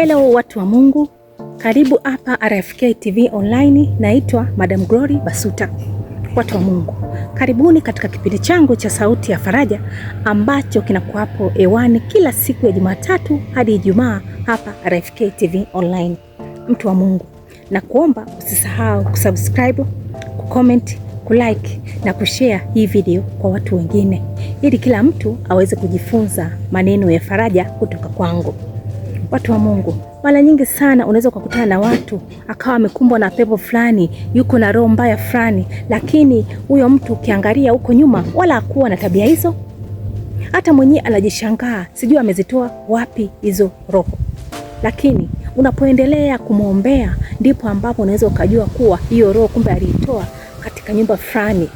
Hello watu wa Mungu, karibu hapa RFK TV online. Naitwa Madam Glory Basuta. Watu wa Mungu, karibuni katika kipindi changu cha Sauti ya Faraja ambacho kinakuwapo hewani kila siku ya Jumatatu hadi Ijumaa hapa RFK TV online. Mtu wa Mungu, na kuomba usisahau kusubscribe, kucomment, kulike na kushare hii video kwa watu wengine, ili kila mtu aweze kujifunza maneno ya faraja kutoka kwangu. Watu wa Mungu, mara nyingi sana unaweza kukutana na watu akawa amekumbwa na pepo fulani, yuko na roho mbaya fulani, lakini huyo mtu ukiangalia huko nyuma wala hakuwa na tabia hizo. Hata mwenyewe anajishangaa, sijui amezitoa wapi hizo roho. Lakini unapoendelea kumwombea, ndipo ambapo unaweza ukajua kuwa hiyo roho kumbe aliitoa katika nyumba fulani.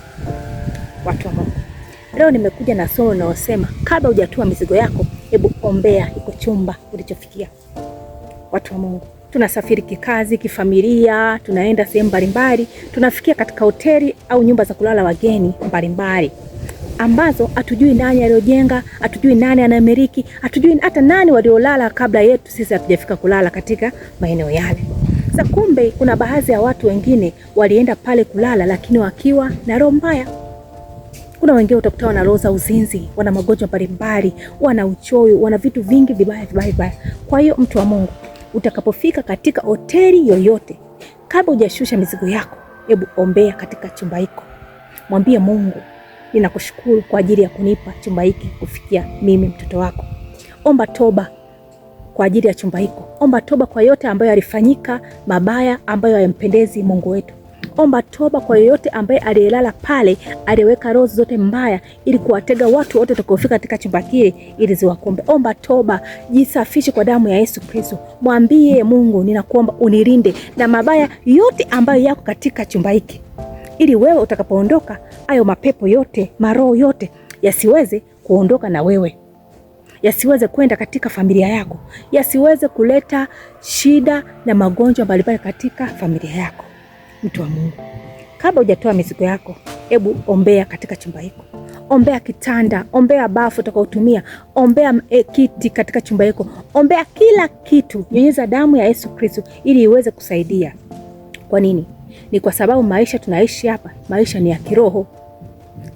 Watu wa Mungu, leo nimekuja na somo linalosema kabla hujatua mizigo yako, hebu ombea iko chumba tulichofikia. Watu wa Mungu, tunasafiri kikazi, kifamilia, tunaenda sehemu mbalimbali, tunafikia katika hoteli au nyumba za kulala wageni mbalimbali ambazo hatujui nani aliyojenga, hatujui nani anayemiliki, hatujui hata nani waliolala kabla yetu sisi hatujafika kulala katika maeneo yale. Sa kumbe kuna baadhi ya watu wengine walienda pale kulala, lakini wakiwa na roho mbaya. Kuna wengine utakuta wana roho za uzinzi, wana magonjwa mbalimbali, wana uchoyo, wana vitu vingi vibaya vibaya vibaya. Kwa hiyo mtu wa Mungu, utakapofika katika hoteli yoyote, kabla hujashusha mizigo yako, hebu ombea katika chumba hiko, mwambie Mungu, ninakushukuru kwa ajili ya kunipa chumba hiki kufikia mimi mtoto wako. Omba toba kwa ajili ya chumba hiko, omba toba kwa yote ambayo yalifanyika mabaya, ambayo hayampendezi Mungu wetu omba toba kwa yeyote ambaye aliyelala pale, aliyeweka roho zote mbaya ili kuwatega watu wote watakaofika katika chumba kile ili ziwakombe. Omba toba, jisafishe kwa damu ya Yesu Kristo, mwambie Mungu, ninakuomba unilinde na mabaya yote ambayo yako katika chumba hiki, ili wewe utakapoondoka, ayo mapepo yote, maroho yote yasiweze kuondoka na wewe yasiweze kwenda katika familia yako, yasiweze kuleta shida na magonjwa mbalimbali katika familia yako mtu wa Mungu, kabla hujatoa mizigo yako, hebu ombea katika chumba hiko, ombea kitanda, ombea bafu utakaotumia, ombea e, kiti katika chumba hiko, ombea kila kitu. nyunyiza damu ya Yesu Kristo ili iweze kusaidia. Kwa nini? Ni kwa sababu maisha tunaishi hapa, maisha ni ya kiroho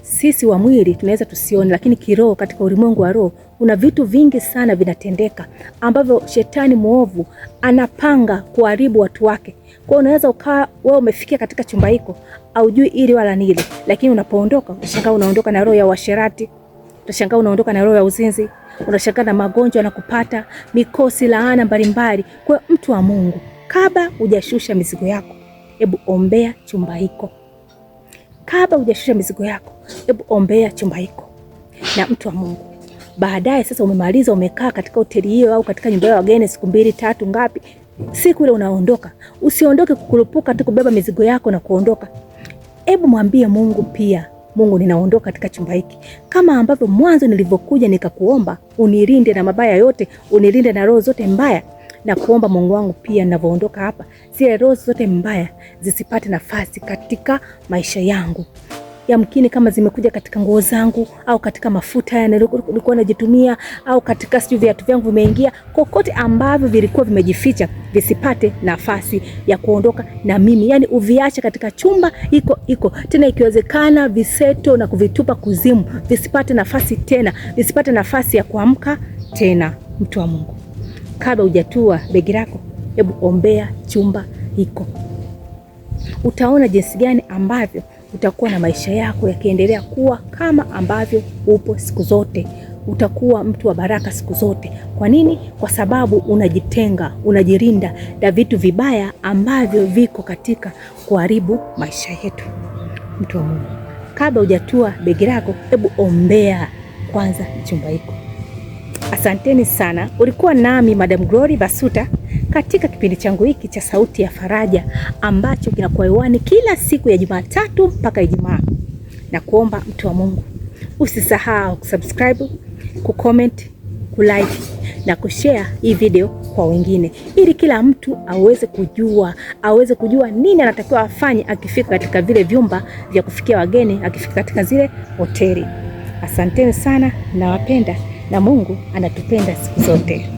sisi wa mwili tunaweza tusione, lakini kiroho, katika ulimwengu wa roho kuna vitu vingi sana vinatendeka ambavyo shetani mwovu anapanga kuharibu watu wake. Kwa hiyo unaweza ukawa wewe umefikia katika chumba hiko aujui ili wala nili, lakini unapoondoka utashangaa unaondoka na roho ya uasherati, utashangaa unaondoka na roho ya uzinzi, unashangaa na magonjwa na kupata mikosi, laana mbalimbali. Kwa mtu wa Mungu, kabla hujashusha mizigo yako, hebu ombea chumba hiko kabla hujashusha mizigo yako, hebu ombea chumba hiko na mtu wa Mungu. Baadaye sasa umemaliza, umekaa katika hoteli hiyo au katika nyumba ya wageni siku mbili tatu, ngapi, siku ile unaondoka, usiondoke kukurupuka tu kubeba mizigo yako na kuondoka. Hebu mwambie Mungu pia, Mungu, ninaondoka katika chumba hiki, kama ambavyo mwanzo nilivyokuja nikakuomba unilinde na mabaya yote, unilinde na roho zote mbaya na kuomba Mungu wangu pia ninavyoondoka hapa, zile roho zote mbaya zisipate nafasi katika maisha yangu. Yamkini kama zimekuja katika nguo zangu au katika mafuta nilikuwa najitumia au katika sijui viatu vyangu vimeingia, kokote ambavyo vilikuwa vimejificha visipate nafasi ya kuondoka na mimi, yani uviache katika chumba iko iko tena, ikiwezekana viseto na kuvitupa kuzimu, visipate nafasi tena, visipate nafasi ya kuamka tena, mtu wa Mungu kabla hujatua begi lako, hebu ombea chumba hiko. Utaona jinsi gani ambavyo utakuwa na maisha yako yakiendelea kuwa kama ambavyo upo siku zote. Utakuwa mtu wa baraka siku zote. Kwa nini? Kwa sababu unajitenga, unajirinda na vitu vibaya ambavyo viko katika kuharibu maisha yetu. Mtu wa Mungu, kabla hujatua begi lako, hebu ombea kwanza chumba hiko. Asanteni sana. Ulikuwa nami Madam Glory Basuta katika kipindi changu hiki cha Sauti ya Faraja ambacho kinakuwa hewani kila siku ya Jumatatu mpaka Ijumaa, na kuomba mtu wa Mungu usisahau kusubscribe, kucomment, kulike na kushare hii video kwa wengine, ili kila mtu aweze kujua aweze kujua nini anatakiwa afanye akifika katika vile vyumba vya kufikia wageni, akifika katika zile hoteli. Asanteni sana, nawapenda na Mungu anatupenda siku zote.